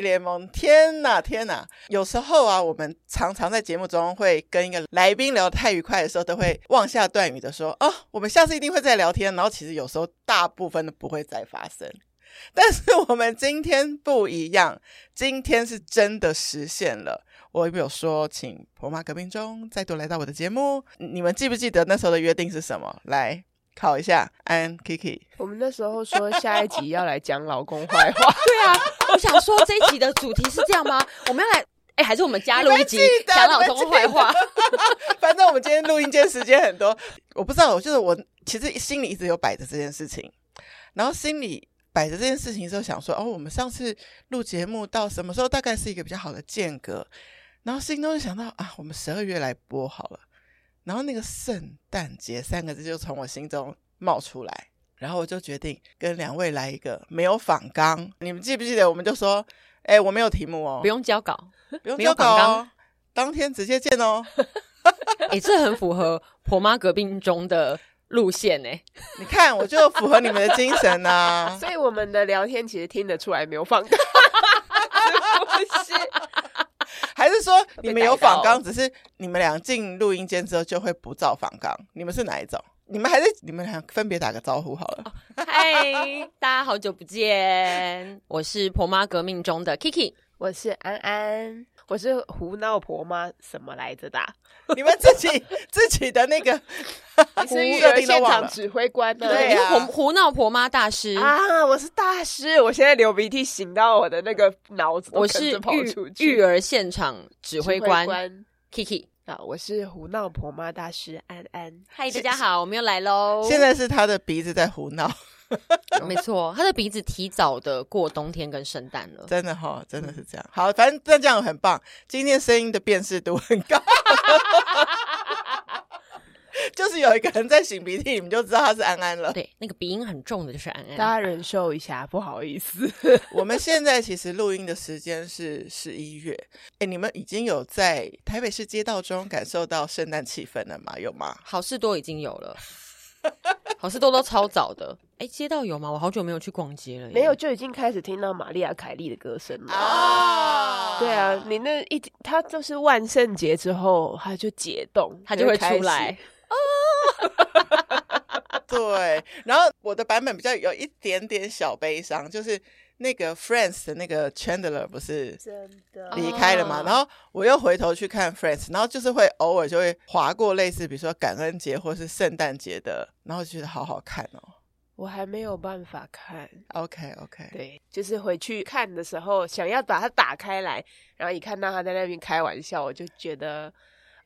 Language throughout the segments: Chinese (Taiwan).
聯萌，天哪，天哪！有時候啊，我們常常在節目中會跟一個來賓聊得太愉快的時候，都會妄下斷語的說：“哦，我們下次一定會再聊天。”然後其實有時候大部分都不會再發生。但是我們今天不一樣，今天是真的實現了。我有沒有說，請婆媽革命中再度來到我的節目，你們記不記得那時候的約定是什麼？來。考一下，安安 KiKi，我們那時候說下一集要來講老公壞話。 對啊，我想說這一集的主題是這樣嗎？我們要來，哎、欸，還是我們加錄音，講老公壞話。記 反正我們今天錄音間時間很多， 我不知道，我就是我其實心裡一直有擺着這件事情，然後心裡擺着這件事情之後想說，哦，我們上次錄節目到什麼時候？大概是一個比較好的間隔，然後心中就想到啊，我們十二月來播好了。然後那個聖誕節三個字就從我心中冒出來，然後我就決定跟兩位來一個沒有訪綱。你們記不記得，我們就說，哎，我沒有題目哦，不用交稿，不用交稿哦，當天直接見哦。哎， 這很符合婆媽革命中的路線呢。 你看，我就符合你們的精神啊。所以我們的聊天其實聽得出來沒有訪綱。 你們有訪綱，只是你們倆進錄音間之後就會不照訪綱，你們是哪一種？你們還是你們倆分別打個招呼好了。嗨，oh, hi, 大家好久不見， 我是婆媽革命中的 Kiki，我是安安。我是胡鬧婆媽，什麼來着的、啊？ 你們自己自己的那個哈哈，你是育兒現場指揮官， 對啊，胡胡鬧婆媽大師啊，我是大師，我現在流鼻涕，醒到我的那個腦子跑出去，我是育育兒現場指揮官，官 KiKi 啊，我是胡鬧婆媽大師安安，嗨，大家好，是我們又來嘍，現在是他的鼻子在胡鬧。 沒錯，他的鼻子提早的過冬天跟聖誕了，真的哈、哦，真的是這樣。好，反正這樣很棒，今天聲音的辨識度很高， 就是有一個人在擤鼻涕，你們就知道他是安安了。對，那個鼻音很重的，就是安安，安。大家忍受一下，不好意思。 我們現在其實錄音的時間是十一月，哎、欸，你們已經有在台北市街道中感受到聖誕氣氛了嗎？有嗎？好市多已經有了。 好是多多超早的，哎、欸，街道有嗎？我好久沒有去逛街了，沒有，就已經開始聽到瑪麗亞凱莉的歌聲了啊！哦、對啊，你那一，它就是萬聖節之後，它就解凍，它就，就會出來哦 對，然後我的版本比較有一點點小悲傷，就是。那個 Friends 的那個 Chandler 不是離開了嘛？真的。Oh. 然後我又回頭去看 Friends，然後就是會偶爾就會滑過類似比如說感恩節或是聖誕節的，然後就覺得好好看哦。我還沒有辦法看。OK OK，對，就是回去看的時候，想要把它打開來，然後一看到他在那邊開玩笑，我就覺得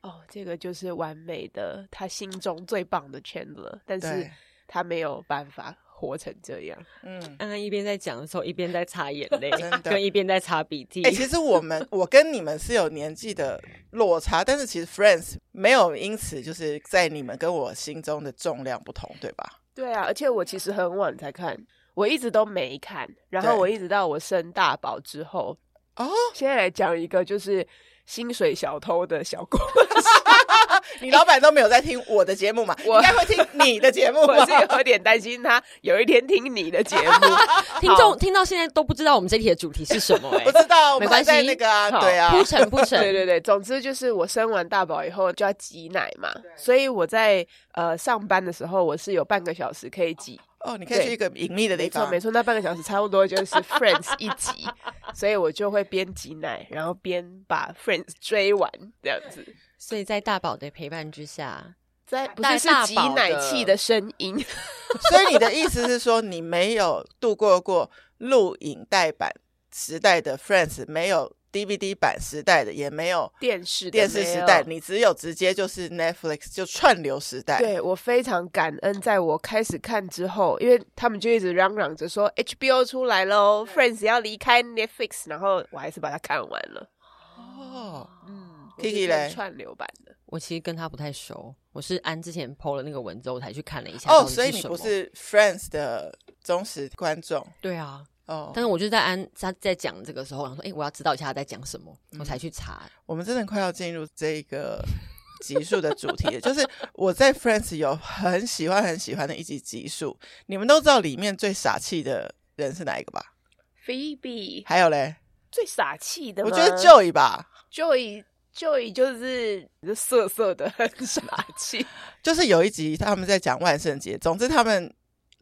哦，這個就是完美的，他心中最棒的 Chandler，但是他沒有辦法。活成這樣，嗯，剛剛、嗯、一邊在講的時候，一邊在擦眼淚， 的跟一邊在擦鼻涕。哎、欸，其實我們，我跟你們是有年紀的落差， 但是其實 Friends 沒有因此就是在你們跟我心中的重量不同，對吧？對啊，而且我其實很晚才看，我一直都沒看，然後我一直到我生大寶之後哦。對現在來講一個，就是。哦薪水小偷的小故事， 你老闆都沒有在聽我的節目嘛？我應該會聽你的節目吧？我是有點擔心他有一天聽你的節目。 聽眾眾好聽到現在都不知道我們這一題的主題是什麼誒、欸、不知道，我們在啊、沒關係，那個好對啊，鋪陳鋪陳，對對對，總之就是我生完大寶以後就要擠奶嘛，對所以我在呃上班的時候我是有半個小時可以擠。哦，你可以去一個隱秘的地方啊。沒錯，沒錯，那半個小時差不多就是《Friends》一集， 所以我就會邊擠奶，然後邊把《Friends》追完這樣子。所以在大寶的陪伴之下，在不是是擠奶器的聲音。 所以你的意思是說，你沒有度過過錄影帶版時代的《Friends》沒有？DVD 版時代的也沒有電視的電視時代，你只有直接就是 Netflix 就串流時代。對，我非常感恩，在我開始看之後，因為他們就一直嚷嚷着說 HBO 出來嘍，Friends 要離開 Netflix，然後我還是把它看完了。哦，嗯，Kiki 串流版的，KiKi 我其實跟他不太熟，我是按之前 PO 了那個文章，我才去看了一下。哦，所以你不是 Friends 的忠實觀眾？對啊。哦，但是我就在安他在講這個時候，我說：“誒、欸，我要知道一下他在講什麼，嗯、我才去查。”我們真的快要進入這個集數的主題了， 就是我在 Friends 有很喜歡很喜歡的一集集數，你們都知道裡面最傻氣的人是哪一個吧？Phoebe，還有嘞，最傻氣的，我覺得 Joey 吧，Joey，Joey 就是 Joey，Joey 就是色色的很傻氣， 就是有一集他們在講萬聖節，總之他們。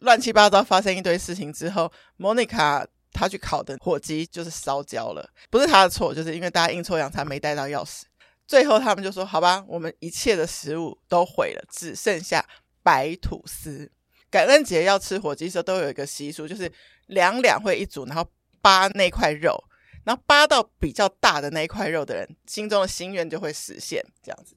亂七八糟發生一堆事情之後，Monica 她去烤的火雞就是燒焦了，不是她的錯，就是因為大家陰錯陽差沒帶到鑰匙。最後他們就說：“好吧，我們一切的食物都毀了，只剩下白吐司。”感恩節要吃火雞的時候都有一個習俗，就是兩兩會一組，然後扒那塊肉，然後扒到比較大的那一塊肉的人心中的心願就會實現，這樣子。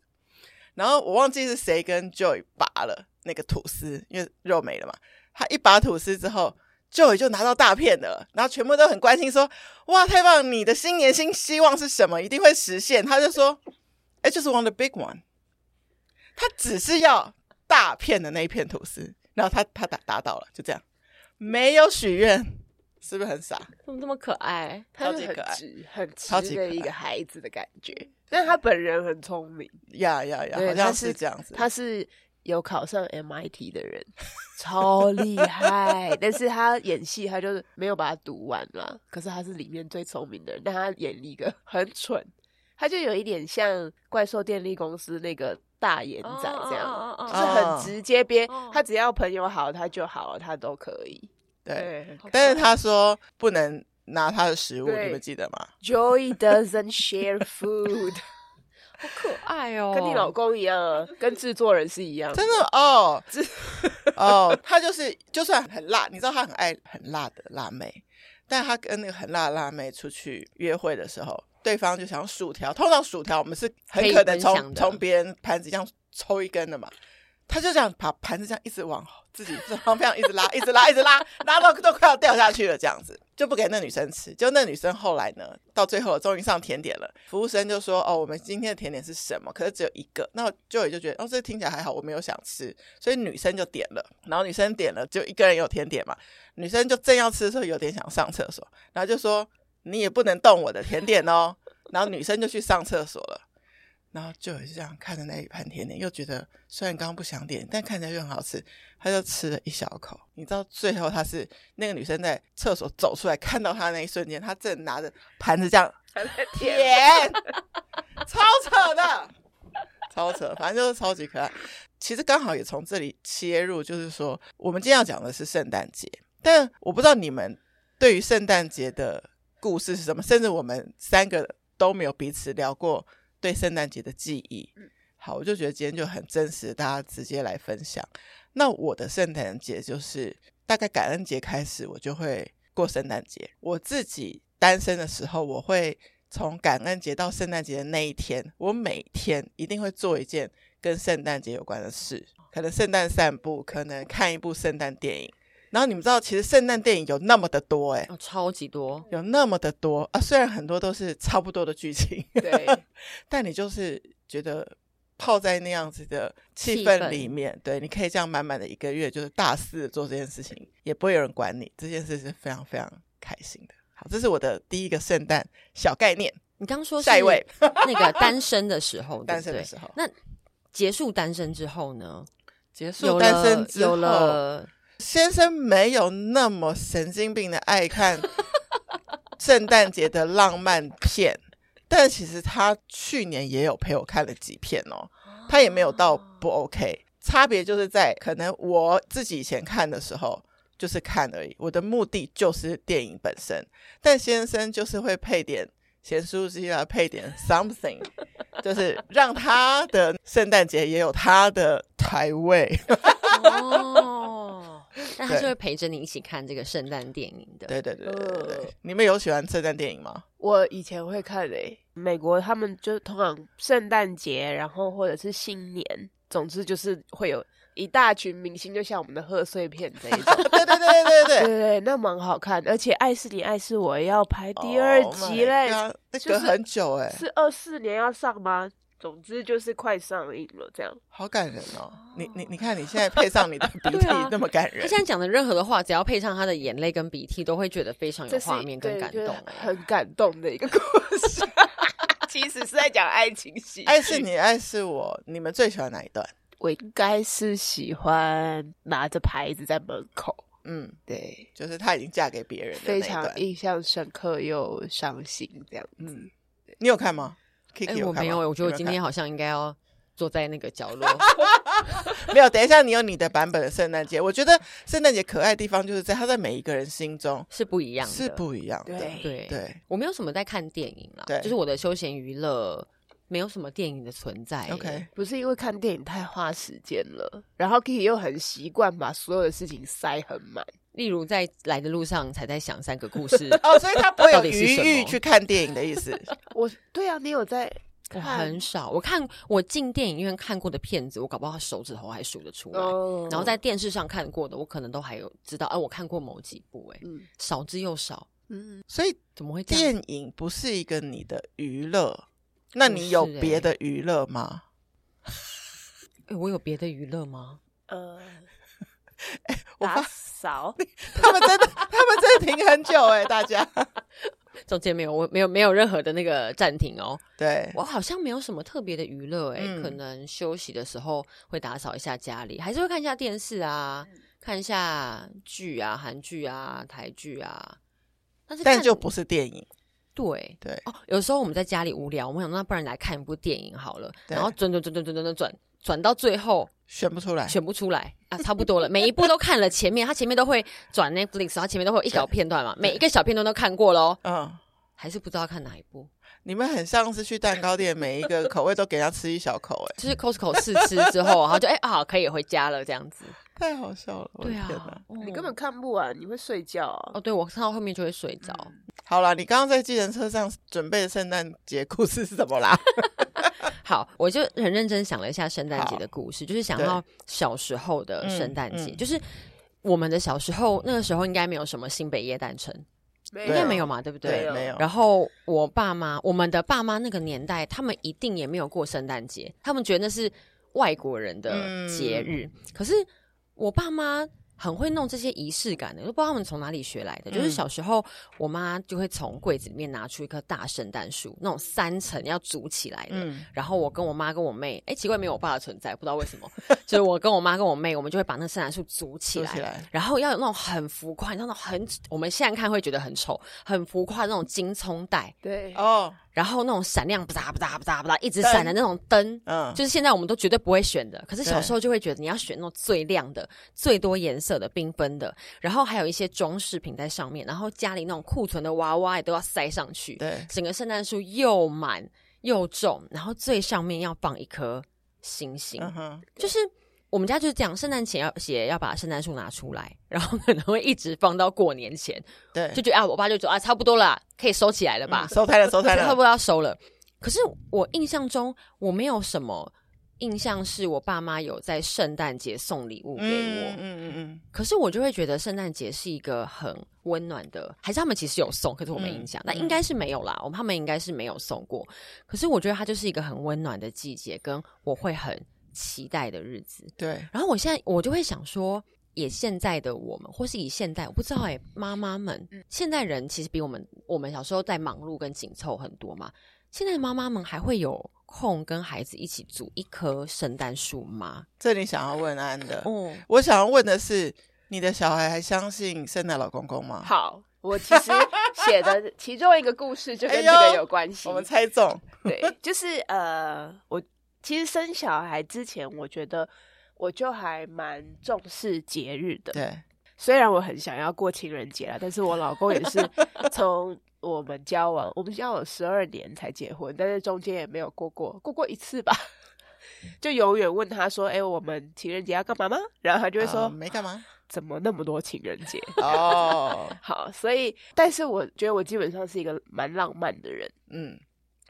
然後我忘記是誰跟 Joey 扒了那個吐司，因為肉沒了嘛。他一把吐司之後就也就拿到大片的，然後全部都很關心，說：“哇，太棒！你的新年新希望是什麼？一定會實現。”他就說：“哎，就是 want the big one。”他只是要大片的那一片吐司，然後他他打打到了，就這樣，沒有許願，是不是很傻？怎麼這麼可愛？超級可愛，很超級的一個孩子的感覺，但他本人很聰明，呀呀呀，好像是這樣子，他是。他是有考上 MIT 的人超厲害， 但是他演戲，他就是沒有把它讀完啦。可是他是裡面最聰明的人，但他演一個很蠢，他就有一點像《怪獸電力公司》那個大眼仔這樣，oh, oh, oh, oh, 就是很直接，oh, oh. 他只要朋友好，他就好了，他都可以。對，對但是他說不能拿他的食物，對你們記得嗎？Joey doesn't share food. 好可愛哦、喔，跟你老公一樣， 跟製作人是一樣的，真的哦。哦、oh， oh, 他就是就算很辣，你知道他很愛很辣的辣妹，但他跟那個很辣的辣妹出去約會的時候，對方就想薯條。通常薯條我們是很可能從從別人盤子這樣抽一根的嘛。他就這樣把盤子這樣一直往自己這旁邊一直拉，一直拉，一直拉，拉到都快要掉下去了。這樣子就不給那女生吃。就那女生後來呢，到最後終於上甜點了，服務生就說：“哦，我們今天的甜點是什麼？”可是只有一個，那就也就覺得哦，這聽起來還好，我沒有想吃，所以女生就點了。然後女生點了，就一個人有甜點嘛，女生就正要吃的時候，有點想上廁所，然後就說：“你也不能動我的甜點哦。”然後女生就去上廁所了。然後就也是這樣看着那一盤甜點，又覺得雖然剛剛不想點，但看起來又很好吃。他就吃了一小口，你知道最後他是那個女生在廁所走出來，看到他那一瞬間，他正拿着盤子這樣在舔天， 超扯的，超扯，反正就是超級可愛。其實剛好也從這裡切入，就是說我們今天要講的是聖誕節，但我不知道你們對於聖誕節的故事是什麼，甚至我們三個都沒有彼此聊過。對聖誕節的記憶，好，我就覺得今天就很真實，大家直接來分享。那我的聖誕節就是大概感恩節開始，我就會過聖誕節。我自己單身的時候，我會從感恩節到聖誕節的那一天，我每天一定會做一件跟聖誕節有關的事，可能聖誕散步，可能看一部聖誕電影。然後你們知道，其實聖誕電影有那麼的多，欸，哎、哦，超級多，有那麼的多啊！雖然很多都是差不多的劇情，對呵呵，但你就是覺得泡在那樣子的氣氛裡面，氛對，你可以這樣滿滿的一個月，就是大肆做這件事情，對也不會有人管你。這件事是非常非常開心的。好，這是我的第一個聖誕小概念。你剛說下一位那個單身的時候， 對對單身的時候，那結束單身之後呢？結束了單身之後。先生沒有那麼神經病的愛看聖誕節的浪漫片，但其實他去年也有陪我看了幾片哦，他也沒有到不 OK。差別就是在可能我自己以前看的時候，就是看而已，我的目的就是電影本身。但先生就是會配點鹹酥雞啊，配點 something，就是讓他的聖誕節也有他的台位。Oh. 但還是會陪着你一起看這個聖誕電影的。對對對。你們有喜歡聖誕電影嗎？我以前會看誒。美國他們就通常聖誕節，然後或者是新年，總之就是會有一大群明星，就像我們的賀歲片這一種。對對對對對對對，那蠻好看。而且《愛是你愛是我》要拍第二集嘞，隔很久誒。是二四年要上嗎？總之就是快上映了，這樣好感人哦！你你你看，你現在配上你的鼻涕，那麼感人。他現在講的任何的話，只要配上他的眼淚跟鼻涕，都會覺得非常有畫面跟感動。就是、很感動的一個故事， 其實是在講愛情戲。愛是你，愛是我，你們最喜歡哪一段？我應該是喜歡拿着牌子在門口。嗯，對，就是他已經嫁給別人了，非常印象深刻又傷心這樣子。嗯，你有看嗎？KiKi 欸，我沒有，我覺得我今天好像應該要坐在那個角落。 沒有，等一下，你有你的版本的聖誕節。我覺得聖誕節可愛的地方就是在它在每一個人心中是不一樣的，是不一樣的。對對，對，我沒有什麼在看電影啦，對就是我的休閒娛樂沒有什麼電影的存在，欸。OK，不是因為看電影太花時間了，然後 KiKi 又很習慣把所有的事情塞很滿。例如在來的路上才在想三個故事 哦，所以他不會有餘裕去看電影的意思。 我對啊，你有在看？欸，很少。我看我進電影院看過的片子，我搞不好手指頭還數得出來。哦，然後在電視上看過的，我可能都還有知道。哎、啊，我看過某幾部哎、欸，嗯，少之又少。嗯，所以怎麼會這樣？電影不是一個你的娛樂？那你有別的娛樂嗎？欸 欸？我有別的娛樂嗎？呃。我打掃，他們真的，他們真的停很久哎，大家中間沒有，我沒有沒有任何的那個暫停哦。對我好像沒有什麼特別的娛樂哎，可能休息的時候會打掃一下家裡，還是會看一下電視啊，看一下劇啊，韓劇啊，台劇啊。但是但就不是電影，對對哦。有時候我們在家裡無聊，我們想說，不然來看一部電影好了，然後轉轉轉轉轉轉轉。轉到最後選不出來，選不出來啊，差不多了。每一部都看了前面，他前面都會轉那 Netflix，他前面都會有一小片段嘛，每一個小片段都看過嘍。嗯，還是不知道看哪一部。你們很像是去蛋糕店，每一個口味都給他吃一小口，哎，就是 Costco 試吃之後，然後就哎啊，可以回家了這樣子。太好笑了，對啊，你根本看不完，你會睡覺啊？哦，對我看到後面就會睡着。好啦，你剛剛在計程車上準備的聖誕節故事是什麼啦？好，我就很認真想了一下聖誕節的故事，好就是想到小時候的聖誕節，嗯、就是我們的小時候、嗯、那個時候應該沒有什麼新北耶誕城，應該沒，有沒有嘛，對不對？對沒有。然後我爸媽，我們的爸媽那個年代，他們一定也沒有過聖誕節，他們覺得那是外國人的節日。嗯、可是我爸媽。很會弄這些儀式感的，都不知道他們從哪裡學來的。嗯、就是小時候，我媽就會從櫃子裡面拿出一棵大聖誕樹，那種三層要組起來的。嗯、然後我跟我媽跟我妹，哎、欸，奇怪，沒有我爸的存在，不知道為什麼。所以 我跟我媽跟我妹，我們就會把那聖誕樹組起來，起來然後要有那種很浮誇，那種很我們現在看會覺得很醜、很浮誇的那種金蔥帶。對，哦。Oh. 然後那種閃亮，不咋不咋不咋不咋一直閃的那種燈，嗯，就是現在我們都絕對不會選的。可是小時候就會覺得你要選那種最亮的、對最多顏色的、繽紛的，然後還有一些裝飾品在上面，然後家裡那種庫存的娃娃也都要塞上去，對，整個聖誕樹又滿又重，然後最上面要放一顆星星，嗯、哼就是。我們家就是講聖誕前要寫，要把聖誕樹拿出來，然後可能會一直放到過年前。對，就覺得啊，我爸就說啊，差不多了，可以收起來了吧，嗯、收攤了，收攤了，差不多要收了。可是我印象中，我沒有什麼印象，是我爸媽有在聖誕節送禮物給我。嗯嗯嗯。嗯嗯嗯，可是我就會覺得聖誕節是一個很溫暖的，還是他們其實有送，可是我沒印象。那、嗯、應該是沒有啦，我們、嗯、他們應該是沒有送過。可是我覺得它就是一個很溫暖的季節，跟我會很。期待的日子，對。然後我現在我就會想說，以現在的我們，或是以現在，我不知道哎、欸，媽媽們，現在人其實比我們我們小時候在忙碌跟緊湊很多嘛。現在的媽媽們還會有空跟孩子一起組一棵聖誕樹嗎？這你想要問安的，嗯，我想要問的是，你的小孩還相信聖誕老公公嗎？好，我其實寫的其中一個故事就跟這個有關係，哎、我們猜中， 對，就是呃，我。其實生小孩之前，我覺得我就還蠻重視節日的。對，雖然我很想要過情人節啦，但是我老公也是從我們交往， 我們交往十二年才結婚，但是中間也沒有過過過過一次吧。 就永遠問他說：“哎、欸，我們情人節要幹嘛嗎？”然後他就會說：“哦、沒幹嘛、啊，怎麼那麼多情人節？”哦， 好，所以，但是我覺得我基本上是一個蠻浪漫的人。嗯，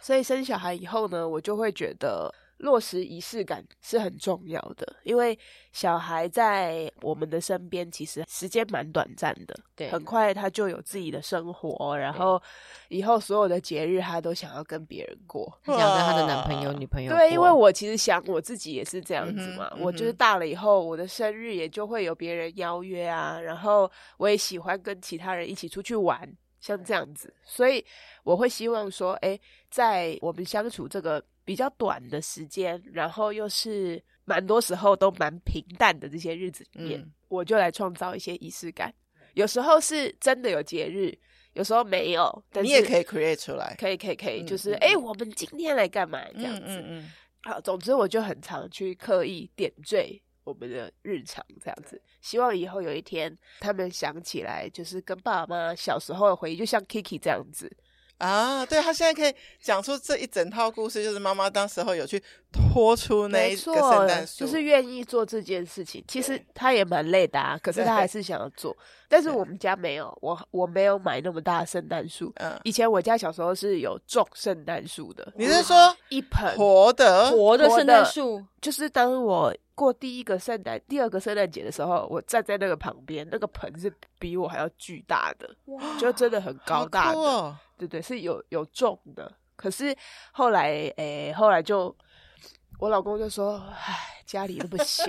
所以生小孩以後呢，我就會覺得。落實儀式感是很重要的，因為小孩在我們的身邊，其實時間蠻短暫的，對，很快他就有自己的生活。對，然後以後所有的節日，他都想要跟別人過，想跟他的男朋友、女朋友過、啊。對，因為我其實想我自己也是這樣子嘛，嗯嗯、我就是大了以後，我的生日也就會有別人邀約啊，然後我也喜歡跟其他人一起出去玩，像這樣子，所以我會希望說，誒，在我們相處這個比較短的時間，然後又是蠻多時候都蠻平淡的這些日子裡面，嗯、我就來創造一些儀式感。有時候是真的有節日，有時候沒有，但你也可以 create 出來，可以可以可以，就是哎、嗯嗯嗯欸，我們今天來幹嘛這樣子？嗯嗯嗯好，總之我就很常去刻意點綴我們的日常，這樣子。希望以後有一天他們想起來，就是跟爸媽小時候的回憶，就像 Kiki 這樣子。啊，對，他現在可以講出這一整套故事，就是媽媽當時候有去拖出那一個聖誕樹，就是願意做這件事情。其實他也蠻累的啊，可是他還是想要做。但是我們家沒有，對我我沒有買那麼大的聖誕樹。嗯，以前我家小時候是有種聖誕樹的。你是說一盆活的活的聖誕樹？就是當我。過第一個聖誕，第二個聖誕節的時候，我站在那個旁邊，那個盆是比我還要巨大的，哇就真的很高大的，哦、對，對對，是有有重的。可是後來，誒、欸，後來就我老公就說：“唉，家裡那麼小。”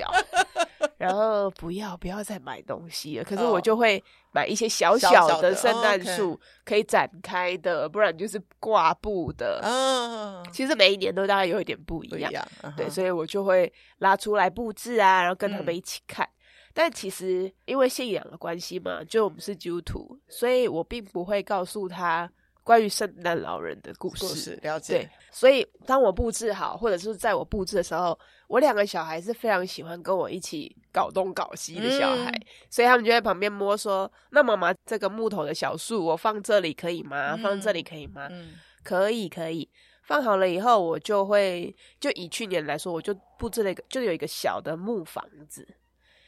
然後不要不要再買東西了，可是我就會買一些小小的聖誕樹，可以展開的，不然就是掛布的。嗯、哦，其實每一年都大概有一點不一樣，一樣啊、對，所以我就會拉出來布置啊，然後跟他們一起看。嗯、但其實因為信仰的關係嘛，就我們是基督徒，所以我並不會告訴他。關於聖誕老人的故事，故事，了解。對，所以當我布置好，或者是在我布置的時候，我兩個小孩是非常喜歡跟我一起搞東搞西的小孩，嗯、所以他們就在旁邊摸說：“那媽媽，這個木頭的小樹，我放這裡可以嗎？嗯、放這裡可以嗎？”嗯，可以，可以。放好了以後，我就會就以去年來說，我就布置了一個，就有一個小的木房子，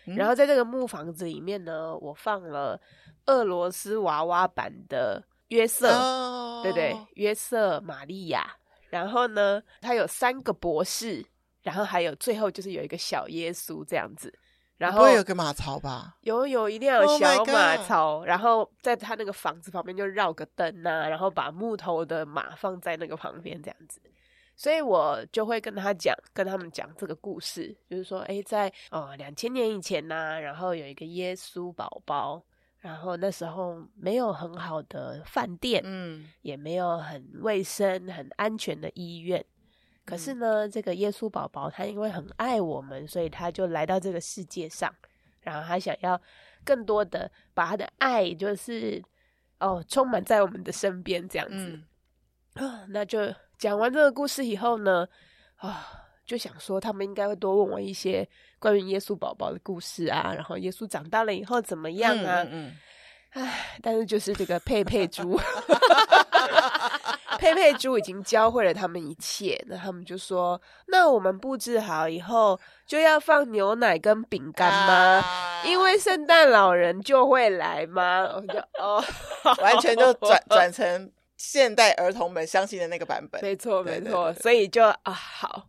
嗯、然後在這個木房子裡面呢，我放了俄羅斯娃娃版的。約瑟，oh. 對對，約瑟、瑪利亞，然後呢，他有三個博士，然後還有最後就是有一個小耶穌這樣子，然後不會有個馬槽吧？有有，有，一定要有小馬槽，oh、然後在他那個房子旁邊就繞個燈吶、啊，然後把木頭的馬放在那個旁邊這樣子，所以我就會跟他講，跟他們講這個故事，就是說，哎，在哦兩千年以前呢、啊，然後有一個耶穌寶寶。然後那時候沒有很好的飯店，嗯，也沒有很衛生、很安全的醫院。可是呢，嗯、這個耶穌寶寶他因為很愛我們，所以他就來到這個世界上，然後他想要更多的把他的愛，就是哦，充滿在我們的身邊這樣子。嗯、那就講完這個故事以後呢，啊。就想說，他們應該會多問我一些關於耶穌寶寶的故事啊，然後耶穌長大了以後怎麼樣啊？嗯，哎、嗯，但是就是這個佩佩豬， 佩佩豬已經教會了他們一切。那他們就說：“那我們布置好以後，就要放牛奶跟餅乾嗎？啊、因為聖誕老人就會來嗎？”我就哦， 完全就轉轉成現代兒童們相信的那個版本。沒錯，沒錯。對對對，所以就啊，好。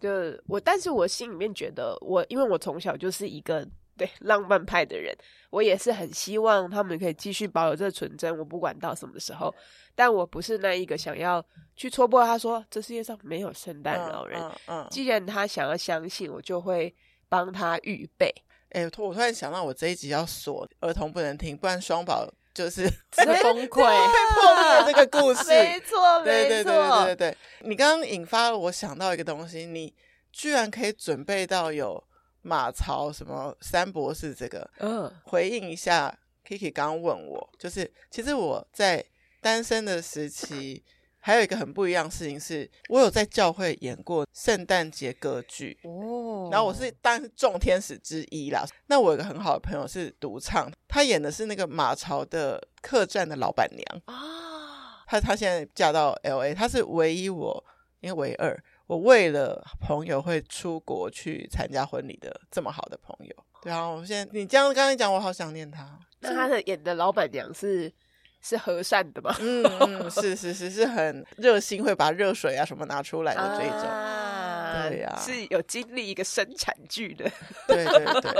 就我，但是我心裡面覺得我，我因為我從小就是一個對浪漫派的人，我也是很希望他們可以繼續保有這個純真。我不管到什麼時候，但我不是那一個想要去戳破他說這世界上沒有聖誕老人。嗯嗯嗯、既然他想要相信，我就會幫他預備。哎、欸，我突然想到，我這一集要鎖兒童不能聽，不然雙寶。 就是個崩潰， 被破滅這個故事， 沒錯錯，對對，對對對對對。 你剛剛引發了我想到一個東西，你居然可以準備到有馬槽什麼三博士這個，嗯，回應一下 Kiki 剛剛問我，就是其實我在單身的時期。 還有一個很不一樣的事情是，我有在教會演過聖誕節歌劇哦，oh. 然後我是當眾天使之一啦。那我有一個很好的朋友是獨唱，他演的是那個馬槽的客棧的老闆娘啊。Oh. 他他現在嫁到 LA，他是唯一我因為唯二我為了朋友會出國去參加婚禮的這麼好的朋友。對啊，我現在你這樣剛才講，我好想念他。那他的演的老闆娘是。是和善的吧？ 嗯，是是是，是，是很熱心，會把熱水啊什麼拿出來的這一種。啊、對呀、啊，是有經歷一個生產劇的。 對對對。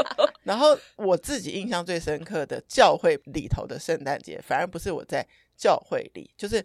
然後我自己印象最深刻的教會裡頭的聖誕節，反而不是我在教會裡，就是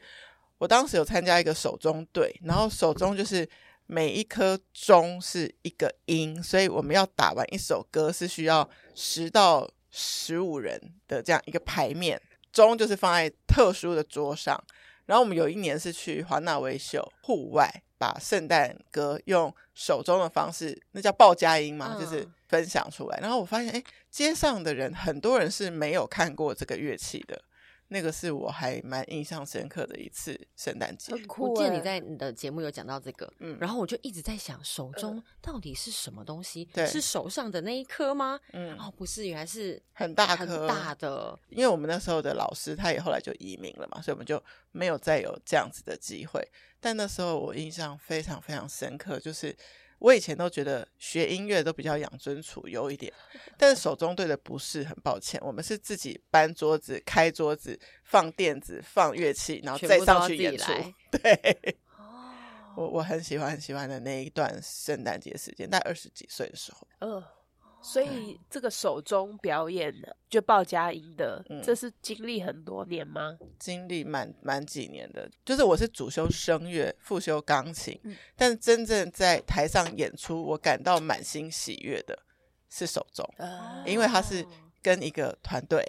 我當時有參加一個手鐘隊，然後手鐘就是每一顆鐘是一個音，所以我們要打完一首歌是需要十到十五人的這樣一個牌面。鐘就是放在特殊的桌上，然後我們有一年是去華納威秀戶外，把聖誕歌用手鐘的方式，那叫報佳音嘛，就是分享出來。嗯、然後我發現，哎，街上的人很多人是沒有看過這個樂器的。那個是我還蠻印象深刻的一次聖誕節，欸、我見，你在你的節目有講到這個，嗯，然後我就一直在想手中到底是什麼東西？對是手上的那一顆嗎？嗯，哦，不是，原來是很大很大的很大顆，因為我們那時候的老師他也後來就移民了嘛，所以我們就沒有再有這樣子的機會。但那時候我印象非常非常深刻，就是。我以前都覺得學音樂都比較養尊處優一點，但是手中對的不是，很抱歉，我們是自己搬桌子、開桌子、放墊子、放樂器，然後再上去演出。對，oh. 我我很喜歡很喜歡的那一段聖誕節時間，大概二十幾歲的時候。Oh. 所以這個手中表演報音的，就報佳音的，這是經歷很多年嗎？經歷蠻蠻幾年的，就是我是主修聲樂，副修鋼琴，嗯、但真正在台上演出，我感到滿心喜悅的是手中，啊、因為他是跟一個團隊，